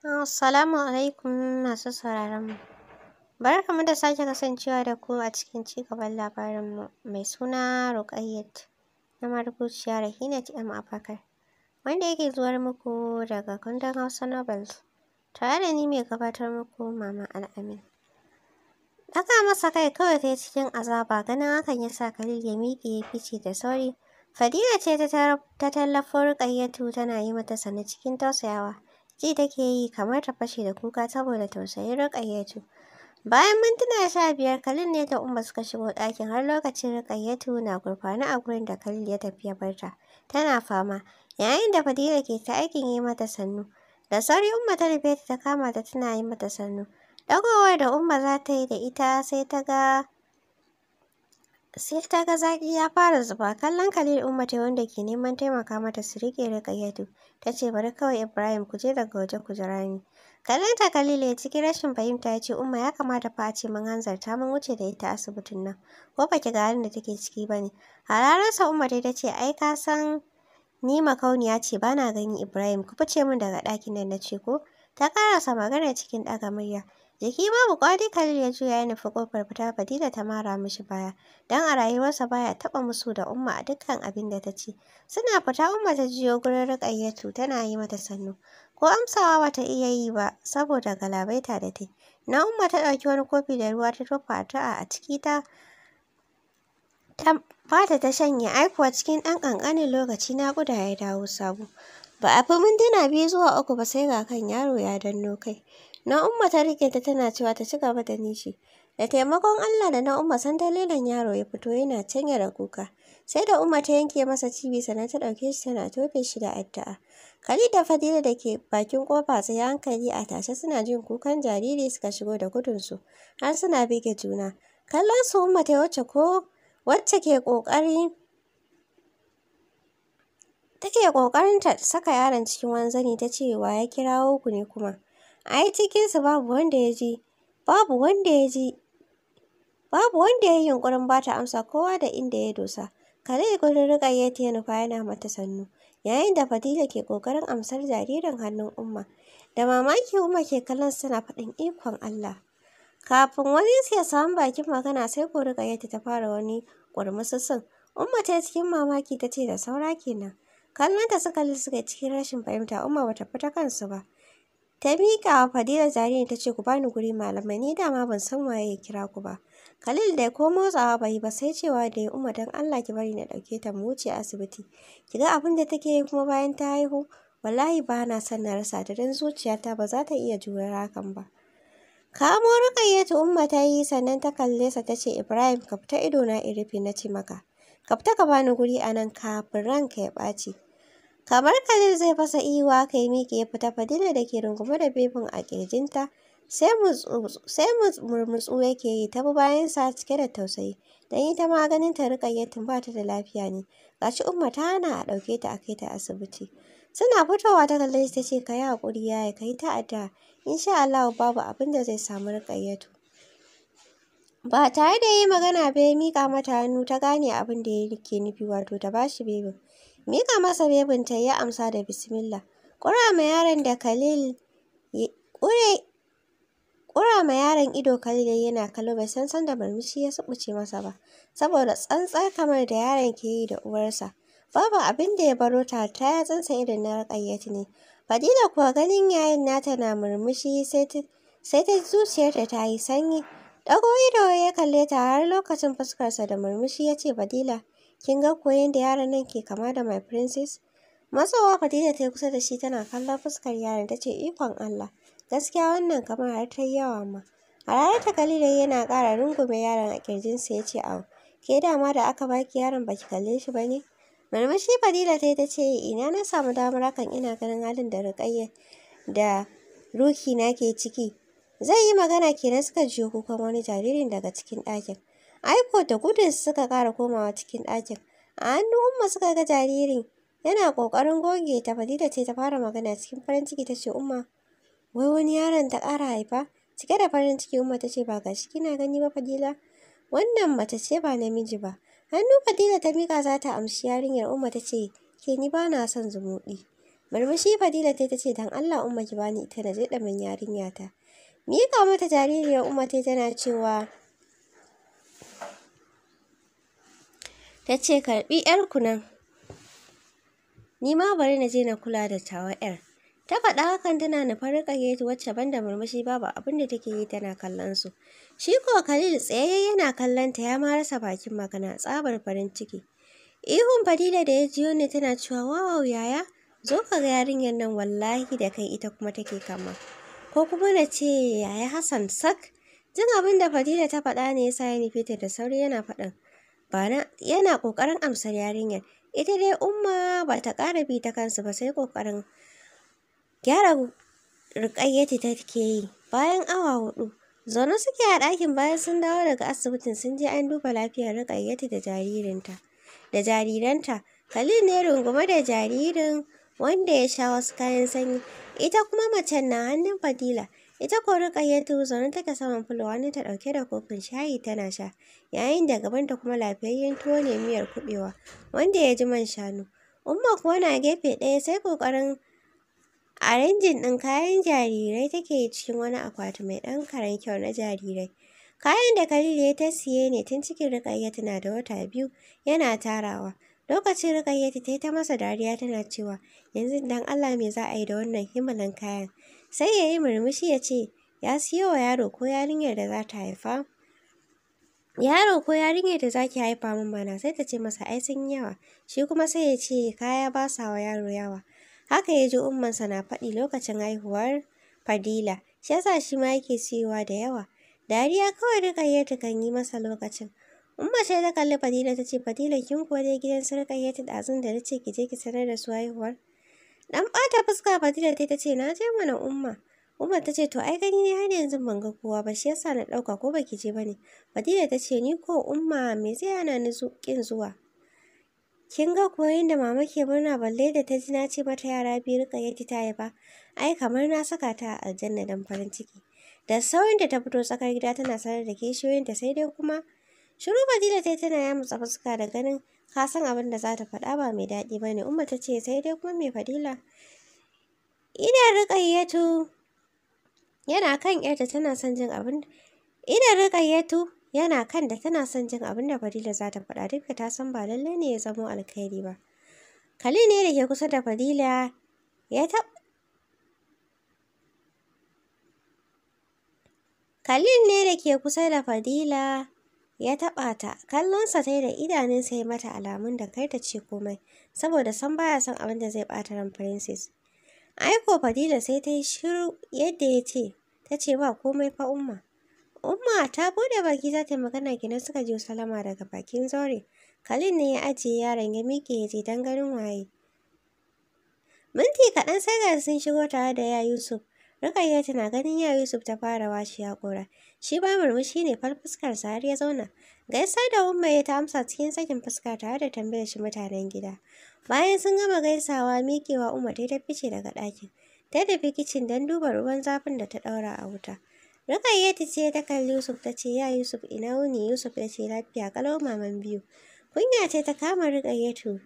Assalamu alaikum masu mu barka mu da sake kasancewa da ku a cikin cigaban labarinmu mai suna Ruqayyat na marubuciya Rahinat TM Abakar wanda yake zuwar muku daga Kundan Hausa Novels tare da ni mai gabatar muku Mama Al'amin. Ɗaka masa kai kawai kai cikin azaba ganin hakan ya sa Khalil ya miƙe ya fice da sauri. Fadila ce ta tallafo Ruqayyatu tana yi mata sannu cikin tausayawa. ji take yi kamar ta fashe da kuka saboda tausayin Rukayyatu. Bayan mintuna sha biyar Khalil ne da Umma suka shigo ɗakin har lokacin Rukayyatu na gurfana a gurin da Khalil ya tafi ya barta. Tana fama yayin da Fadila ke ta aikin yi mata sannu. Da sauri Umma ta rufe ta kama ta tana yi mata sannu. Dagowar da Umma za ta yi da ita sai ta ga sai ta ga zaƙi ya fara zuba kallon Khalil Umma wanda ke neman taimaka mata su rike Ruqayyatu ta ce bari kawai Ibrahim ku je daga waje ku jira ni kallon ta Khalil ya cikin rashin fahimta ya ce Umma ya kamata fa a ce mun hanzarta mun wuce da ita asibitin nan ko ba ki ga halin da take ciki ba ranar sa dai ta ce ai ka san ni makauniya ce bana gani Ibrahim ku fice min daga ɗakin nan na ce ko ta karasa magana cikin ɗaga murya Jiki babu ƙwari Khalil ya juya ya nufi ƙofar fita Fadila ta mara mishi baya. don a rayuwarsa baya taɓa musu da Umma a dukkan abin da ta ce. Suna fita Umma ta jiyo gurin Ruƙayyatu tana yi mata sannu. Ko amsawa ba ta iya yi ba saboda galabaita da ta Na Umma ta ɗauki wani kofi da ruwa ta tofa ta a ciki ta fata ta shanye aikuwa cikin ɗan ƙanƙanin lokaci naƙuda ya dawo sabo. Ba a fi mintuna biyu zuwa uku ba sai ga kan yaro ya danno kai. umma ta rike ta tana cewa ta ci gaba da nishi. Da taimakon Allah da umma san dalilin yaro ya fito yana canya da kuka. Sai da Umma ta yanke masa cibi sannan ta ɗauke shi tana tofe shi da addu'a. Khalid da Fadila da ke bakin kofa tsaye hankali a tashe suna jin kukan jariri suka shigo da gudunsu har suna bige juna. Kallon su Umma ta wacce ko wacce ke kokari take ƙoƙarin ta saka yaron cikin wani zani ta ce wa ya kirawo ku ne kuma. ai cikinsu babu wanda ya ji babu wanda ya ji babu wanda ya yi yunƙurin ba ta amsa kowa da inda ya dosa kare gurin riƙayya ta nufa yana mata sannu yayin da fadila ke ƙoƙarin amsar jaririn hannun umma da mamaki umma ke kallon suna faɗin ikon allah kafin wani ya samu bakin magana sai ko ya ta fara wani ƙurmususun umma ta cikin mamaki ta ce da saura kenan kallon ta suka lissuka cikin rashin fahimta umma bata fita kansu ba Ta miƙa wa Fadila jaririn ta ce ku bani guri malamai ni dama ban san waye ya kira ku ba. Khalil da ko motsawa bai ba sai cewa da ya umma dan Allah ki bari na ɗauke ta mu wuce asibiti. Ki ga abin da take yi kuma bayan ta haihu wallahi ba na son na rasa ta dan zuciyata ba za ta iya jure rakan ba. Kamo ruƙayyatu umma ta yi sannan ta kalle sa ta ce Ibrahim ka fita ido na irifi rufe na ce maka. Ka fita ka bani guri anan nan kafin ranka ya ɓaci. Kamar Khalil zai fasa iwa kai miƙe ya fita Fadila da ke rungume da bebin a ƙirjinta sai murmutsu yake yi ta sa cike da tausayi don ita ma ganin ta riƙayyatin ba ta da lafiya ne gashi umma ta hana a ɗauke ta a kai ta asibiti suna fitowa ta kalle ta ce ka yi ya yaya ka yi ta in insha Allah babu abin da zai samu riƙayyatu ba tare da yi magana ba ya miƙa mata hannu ta gane abin da yake nufi wato ta bashi bebin Mika masa bebin ta ya amsa da bismillah. Ƙura ma yaron da Khalil ƙure ma yaron ido Khalil yana kallo bai san da murmushi ya sukuce masa ba saboda tsantsar kamar da yaron ke yi da uwarsa. Babu abin da ya baro ta ta ya tsansa irin na raƙayyati ne. Fadila kuwa ganin yayin nata na murmushi sai ta sai ta zuciyarta ta yi sanyi. dago ido ya kalle ta har lokacin fuskarsa da murmushi ya ce Fadila Kin ga ko yadda yaron nan ke kama da my princess? Matsawa Fadila ta yi kusa da shi tana kallon fuskar yaron ta ce ikon Allah. Gaskiya wannan kamar har ta yi yawa ma. A ranar ta da yana ƙara rungume yaron a ƙirjinsa ya ce au. Ke dama da aka baki yaron baki kalle shi ba ne? Murmushi Fadila ta yi ta ce ina na samu damar hakan ina ganin halin da Rukayya da Ruki na ke ciki. Zai yi magana kenan suka jiyo kukan wani jaririn daga cikin ɗakin. Aiko da gudun suka kara komawa cikin ɗakin. A hannu Umma suka ga jaririn yana ƙoƙarin goge ta Fadila ce ta fara magana cikin farin ciki ta ce Umma wai wani yaron ta ƙara haifa? Cike da farin ciki Umma ta ce ba gashi kina gani ba Fadila? Wannan mace ce ba namiji ba. Hannu Fadila ta miƙa za ta amshi yarinyar Umma ta ce ke ni ba na son zumuɗi. Murmushi Fadila ta ce don Allah Umma ki bani ita na je min yarinya ta. Miƙa mata jaririyar Umma ta tana cewa ta ce karɓi ƴarku nan. Ni ma bari na je na kula da tawa ‘yar. Ta faɗa hakan tana nufar riƙa ta wacce banda murmushi babu abin da take yi tana kallon su. Shi ko Khalil tsaye yana kallon ta ya ma rasa bakin magana tsabar farin ciki. Ihun Fadila da ya jiyo ne tana cewa wawaw yaya zo ka ga yarinyar nan wallahi da kai ita kuma take kama. Ko kuma na ce yaya Hassan sak. Jin abin da Fadila ta faɗa ne ya sa ya nufe da sauri yana faɗin. Bana yana ƙoƙarin amsar yarinyar. Ita dai Umma ba ta ƙara bi ta kansu ba sai ƙoƙarin gyara riƙayyati take yi bayan awa huɗu. Zaune suke a ɗakin bayan sun dawo daga asibitin sun je an duba lafiyar riƙayyati da jaririnta. Da jariranta, Khalil ne rungume da jaririn wanda ya sha wasu kayan sanyi. Ita kuma macen na hannun Fadila. Ita ko Ruƙayyatu zaune take saman ne ta ɗauke da kofin shayi tana sha, yayin da gabanta kuma lafiyayyen tuwo ne miyar kuɓewa, wanda ya ji man shanu. Umma kuwa na gefe ɗaya sai ƙoƙarin arinjin ɗin kayan jarirai take yi cikin wani akwati mai ɗan karen kyau na jarirai. Kayan da kalilu ya ta siye ne tun cikin rukayya na da wata biyu yana tarawa. Lokacin rukayya ta yi ta masa dariya tana cewa, yanzu dan Allah me za a yi da wannan himalan kayan? sai ya yi murmushi ya ce ya siyo wa yaro ko yarinyar da za ta haifa yaro ko yarinyar da za ki haifa min mana sai ta ce masa ai sun yawa shi kuma sai ya ce kaya ba sa wa yaro yawa haka ya ji ummansa na faɗi lokacin haihuwar fadila shi yasa shi ma yake siyowa da yawa dariya kawai rikayyatu kan yi masa lokacin umma sai ta kalli fadila ta ce fadila kin kuwa dai gidan sarka rikayyatu ɗazun da na ce ki je ki sanar da su haihuwar Dan bata fuska Fadila ta ce na je mana umma. Umma ta ce to ai gani ne har yanzu ban ga kowa ba shi yasa na ɗauka ko baki je bane. Fadila ta ce ni ko umma me zai hana ni kin zuwa. Kin ga ko da mama ke murna balle da ta ji na ce mata yara biyu rika yaki ta ba. Ai kamar na saka ta a aljanna dan farin ciki. Da sauyin da ta fito tsakar gida tana sanar da kishiyoyinta sai dai kuma shiru Fadila ta yi tana yamutsa fuska da ganin ka san abin da za ta faɗa ba mai daɗi ba ne umma ta ce sai dai kuma mai fadila idan riƙayyatu yana kan yarta tana son jin abin idan yana kan da tana son jin abin da fadila za ta faɗa duk da ta san ba lallai ne ya zamo alkhairi ba Kalli ne da ke kusa da Fadila ya ta Khalil ne da ke kusa da Fadila ya taɓa ta kallonsa ta da idanunsa ya mata alamun da kai ta ce komai saboda san baya son abin da zai ɓata ran princess aiko fadila sai ta yi shiru yadda ya ce ta ce ba komai fa umma umma ta bude baki za ta yi magana kina suka ji salama daga bakin zaure kalin ne ya ajiye yaron ya miƙe ya je don ganin waye. Minti kaɗan sai ga sun shigo tare da ya Yusuf. Rukayya tana ganin ya Yusuf ta fara washi hakura Shi ba murmushi ne far sa har ya zauna. Gaisa da Umma ya ta amsa cikin sakin fuska tare da tambayar shi mutanen gida. Bayan sun gama gaisawa mikewa Umma ta fice daga ɗakin. Ta tafi kicin don duba ruwan zafin da ta ɗaura a wuta. ta ce ta kalli Yusuf ta ce, Ya Yusuf, ina wuni? Yusuf ya ce, Lafiya, kalau maman biyu. Kunya ce ta kama Rukayyatu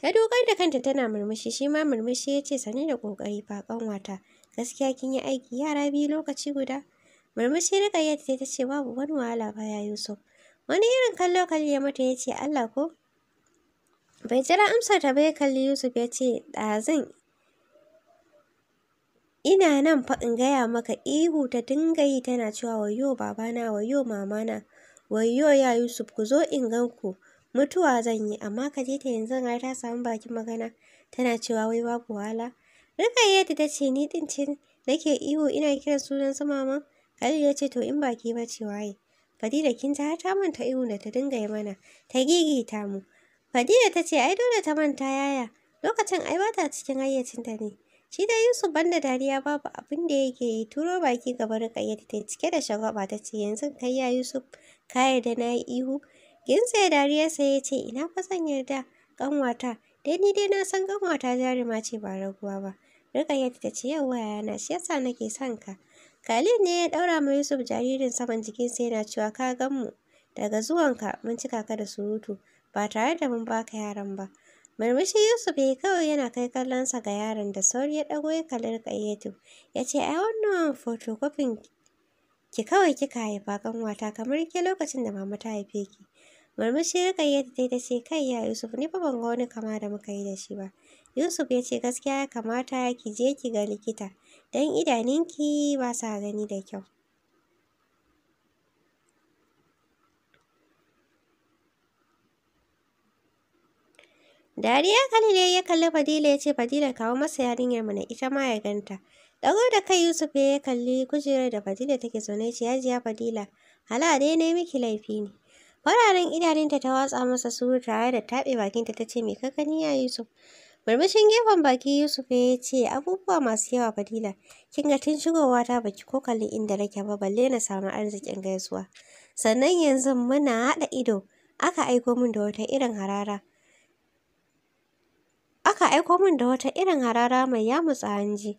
Ta dogar da kanta tana murmushi shi ma murmushi ya ce sani da ƙoƙari fa ƙanwata. Gaskiya kin yi aiki yara biyu lokaci guda. Murmushi na ta ta ce babu wani wahala baya Yusuf. Wani irin kallo kalli ya mata ya ce Allah ko? Bai jira amsa ta ba ya kalli Yusuf ya ce ɗazun ina nan fa in gaya maka ihu ta dinga yi tana cewa wayo babana wayo mamana wayo ya Yusuf ku zo in ganku. ku mutuwa zan yi amma ta yanzu har ta samu bakin magana tana cewa wai babu wahala Rukayyatu ta ce ni din ce nake ihu ina kiran sunan su mama Khalil ya ce to in baki ba ce waye Fadila kin ta ta manta ihu da ta dinga yi mana ta gigita mu Fadila ta ce ai dole ta manta yaya lokacin ai bata cikin hayyacinta ne shi da Yusuf banda dariya babu abin da yake yi turo baki gaba Rukayyatu ta cike da shagwaba ta ce yanzu kai ya Yusuf ka da na yi ihu Gintse dariyarsa ya ce ina fa zan yarda ƙanwata dai ni dai na san ƙanwata jarima ce ba raguwa ba. Rukayya ta ce yauwa yana shi yasa nake son ka. Khalid ne ya ɗaura ma Yusuf jaririn saman jikinsa yana cewa ka gan mu daga zuwanka mun cika ka da surutu ba tare da mun baka yaran ba. Murmushin Yusuf ya kawai yana kai kallonsa ga yaron da sauri ya ɗago ya kalli Rukayyatu. Ya ce, ai wannan fotokofin ki kawai kika haifa kanwata kamar ke lokacin da mama ta haife ki. Murmushi Rukayya ta ta ce kai ya Yusuf ni fa ban ga wani kama da muka yi da shi ba. Yusuf ya ce gaskiya ya kamata ki je ki ga likita don idaninki ba sa gani da kyau. Dariya Khalil ya kalli Fadila ya ce Fadila kawo masa yarinyar mu na ita ma ya ganta. Dago da kai Yusuf ya kalli kujerar da Fadila take zaune ce ya Fadila. Hala dai ne miki laifi ne. Fararen idanunta ta watsa masa su tare da taɓe bakinta ta ce, mai ka gani ya Yusuf? Murmushin gefen baki Yusuf ya ce, Abubuwa masu yawa Fadila, kin ga tun shigowa ta baki ko kalli inda rake ba balle na samu arzikin gaisuwa. Sannan yanzu muna haɗa ido, aka aiko min da wata irin harara. Aka aiko min da wata irin harara mai yamutsa hanji.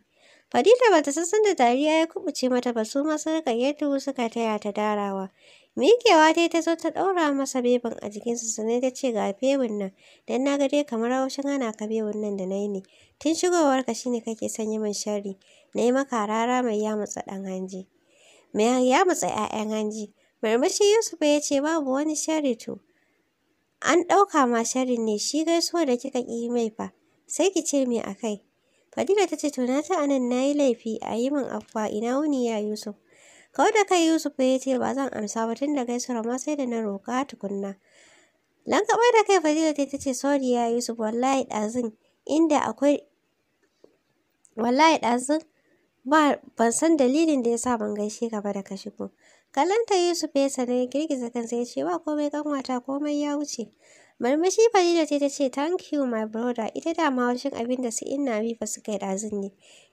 Fadila bata san da dariya ya kubuce mata ba su ma sun rika yadda suka taya ta darawa. Mikewa dai ta zo ta ɗaura masa bebin a jikinsa sannan ta ce ga bebin nan don na ga dai kamar haushin hana ka bebin nan da na yi ne. Tun shigowarka shi ne kake sanya min shari. na yi maka rara mai yamutsa ɗan hanji. Mai yamutsa ‘ya'yan hanji. Murmushi Yusuf ya ce babu wani shari to. An ɗauka ma sharrin ne shi gaisuwa da kika ƙi mai fa. Sai ki ce me a kai. Fadila ta ce to na ta anan na yi laifi a yi min afuwa ina wuni ya Yusuf. Kawai da kai Yusuf ya ce ba zan amsa ba tun da gaisuwa ma sai da na roka tukunna. Lankaɓar da kai Fadila ta ce sorry ya Yusuf wallahi ɗazun inda akwai wallahi ɗazun ba ban san dalilin da ya sa ban gaishe ka ba da ka shigo. kalanta Yusuf ya sane ya girgiza kansa ya ce ba komai kanwata komai ya wuce. Marmashi Fadila ce ta ce thank you my brother ita da haushin abin da su inna mi ba suka yi ɗazun ne.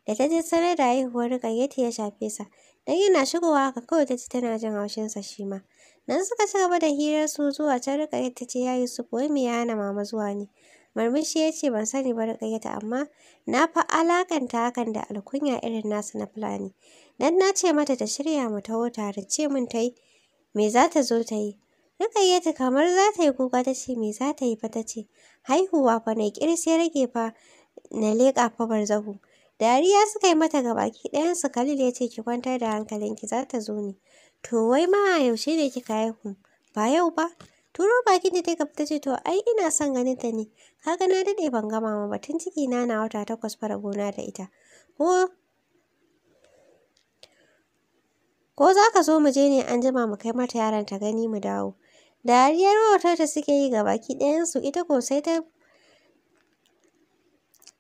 Da ta je sanar da haihuwar Gayyati ya shafe sa Dan yana shigowa haka kawai ta ce tana jin haushinsa shi ma. Nan suka ci gaba da hirar su zuwa can rika ta ce ya Yusuf wai me ya hana mama zuwa ne. Marmishi ya ce ban sani ba rika ta amma na fa alakanta hakan da alkunya irin nasu na Fulani. Dan na ce mata ta shirya mu ta taho tare ce min ta yi me za ta zo ta yi. Rika Rukayyata kamar za ta yi kuka ta ce me za ta yi fa ta ce haihuwa fa na ƙirs rage fa na leƙa fa bar barzahu. Dariya suka yi mata gabaki ɗayansu Khalil ya ce ki kwantar da hankalinki za ta zo ne. To wai ma yaushe ne kika haihu? Ba yau ba? Turo bakin da ta gaba ta ce to ai ina son ganin ta ne. Kaga na daɗe ban gama ma batun ciki na na wata takwas fara gona da ita. Ko Ko za ka zo mu je ne an jima mu kai mata yaron ta gani mu dawo. Dariyar wautar ta suke yi ga baki ɗayansu ita ko sai ta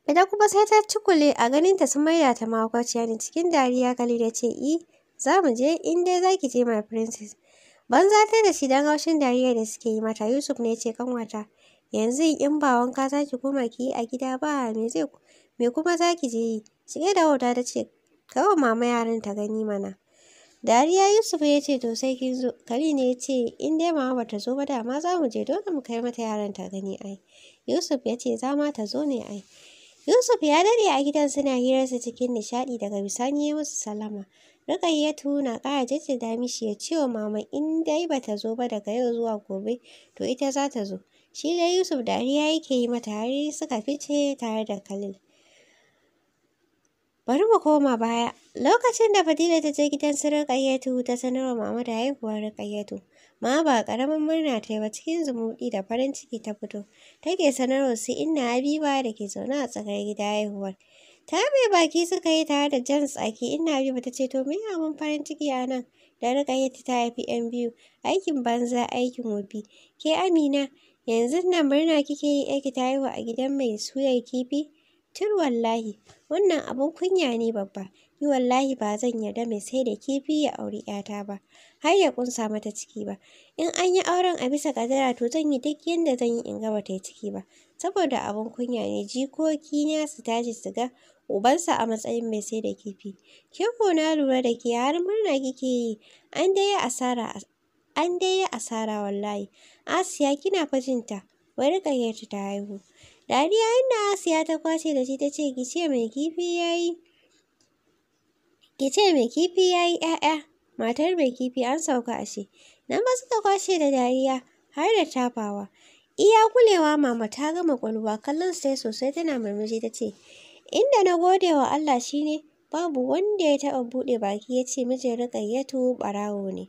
Ita kuma sai ta cikule a ganinta sun maida ta mahaukaciya ne cikin dariya Khalid ya ce i za mu je in dai za ki je my princess. Banza ta da shi don haushin dariya da suke yi mata Yusuf ne ce kanwata yanzu in ba wanka za ki koma ki yi a gida ba me zai me kuma za ki je yi. Cike da wata ta ce kawo mama yaran ta gani mana. Dariya Yusuf ya ce to sai kin zo Khalid ne ya ce in dai mama bata zo ba da, dama za mu je dole mu kai mata yaran ta gani ai. Yusuf ya ce za ma ta zo ne ai. Yusuf ya dade a gidan suna hirarsa cikin nishadi daga bisani ya musu salama. Rukayyatu na ƙara jaddada mishi ya ce wa mama in dai bata zo ba daga yau zuwa gobe to ita za ta zo. Shi dai Yusuf dariya yake yi mata hari, suka fice tare da Khalil. Bari mu koma baya. Lokacin da Fadila ta je gidan su Rukayyatu ta sanarwa mama da haihuwar Rukayyatu. ma ba ƙaramin murna ta yi ba cikin zumuɗi da farin ciki ta fito take sanarwa su inna habiba da ke zaune a tsakar gida haihuwar ta mai baki suka yi tare da jan tsaki inna habiba ta ce to me mun farin ciki a nan da riƙayyata ta haifi 'yan biyu aikin banza aikin wofi ke amina yanzu nan murna kike yi aiki ta haihuwa a gidan mai suyar kifi tur wallahi wannan abun kunya ne babba Yi wallahi ba zan yarda mai sai da kifi ya auri ‘yata ba, har ya kunsa mata ciki ba. In an yi auren a bisa gadara to zan yi duk yadda zan yi in gaba ta yi ciki ba. Saboda abin kunya ne jikoki na su tashi su ga ubansa a matsayin mai sai da kifi. Ke ko na lura da ke har murna kike yi, an dai asara an dai yi asara wallahi. Asiya kina fajinta, Wani kayyar ta haihu. Dariya inda Asiya ta kwace da shi ta ce, ki mai kifi ya yi. Ki ce mai kifi ya yi ‘ya'ya, matar mai kifi an sauka a shi. Nan ba suka kwashe da dariya har da tafawa. Iya kulewa mama ta gama kwalwa kallon sai sosai tana murmushi ta ce, Inda na gode wa Allah shi ne, babu wanda ya taɓa buɗe baki ya ce mijin Rukayyatu ɓarawo ne.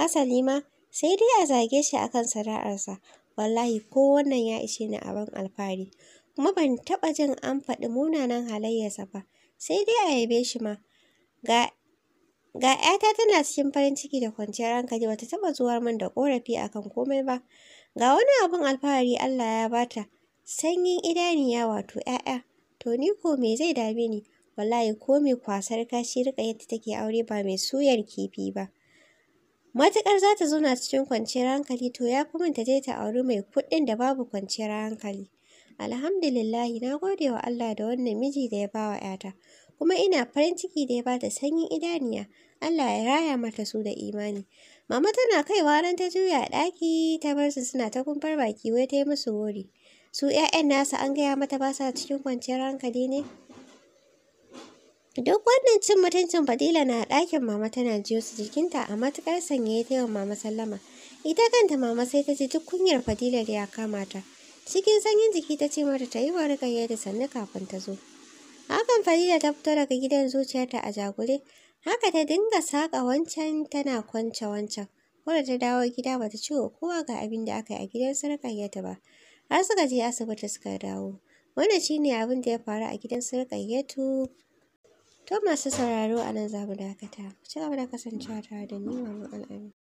Asali ma, sai dai a zage shi akan sana'arsa. Wallahi ko wannan ya ishe ni abin alfahari. Kuma ban taɓa jin an faɗi munanan halayyarsa ba, sai dai a yabe shi ma. Ga ga ‘yata tana cikin farin ciki da kwanciyar hankali bata taɓa zuwa min da ƙorafi akan komai ba. Ga wani abun alfahari Allah ya bata, sanyin idaniya wato ‘ya'ya. To ni ko me zai dame ni? Wallahi ko me kwasar kashi yadda take aure ba mai suyar kifi ba. Matuƙar za ta zauna cikin kwanciyar hankali to ya fi min ta je ta auri mai kuɗin da babu kwanciyar hankali. Alhamdulillahi na gode wa Allah da wannan miji da ya bawa ‘yata. kuma ina farin ciki da ya bata sanyin idaniya. Allah ya raya mata su da imani. Mama tana kaiwa ran ta juya daki ta bar su suna ta kumfar baki wai ta yi musu wuri. Su ƴaƴan nasa an gaya mata ba sa cikin kwanciyar hankali ne. Duk wannan cin mutuncin Fadila na ɗakin mama tana jiyo su jikinta a matuƙar sanye ta yawan mama sallama. Ita kanta mama sai ta ji duk kunyar Fadila da ya kama ta. Cikin sanyin jiki ta ce mata ta yi wa rigayya da sannu kafin ta zo. Hakan Farida ta fito daga gidan zuciyarta a jagure. Haka ta dinga saka wancan tana kwance wancan. Wanda ta dawo gida bata ci wa kowa ga abin da aka yi a gidan sarƙayyata ba. Har suka je asibiti suka dawo. Wannan shine abin da ya faru a gidan sarƙayyatu. To masu sauraro a nan za mu dakata. Ku ci gaba da kasancewa tare da ni Maman Al'amin.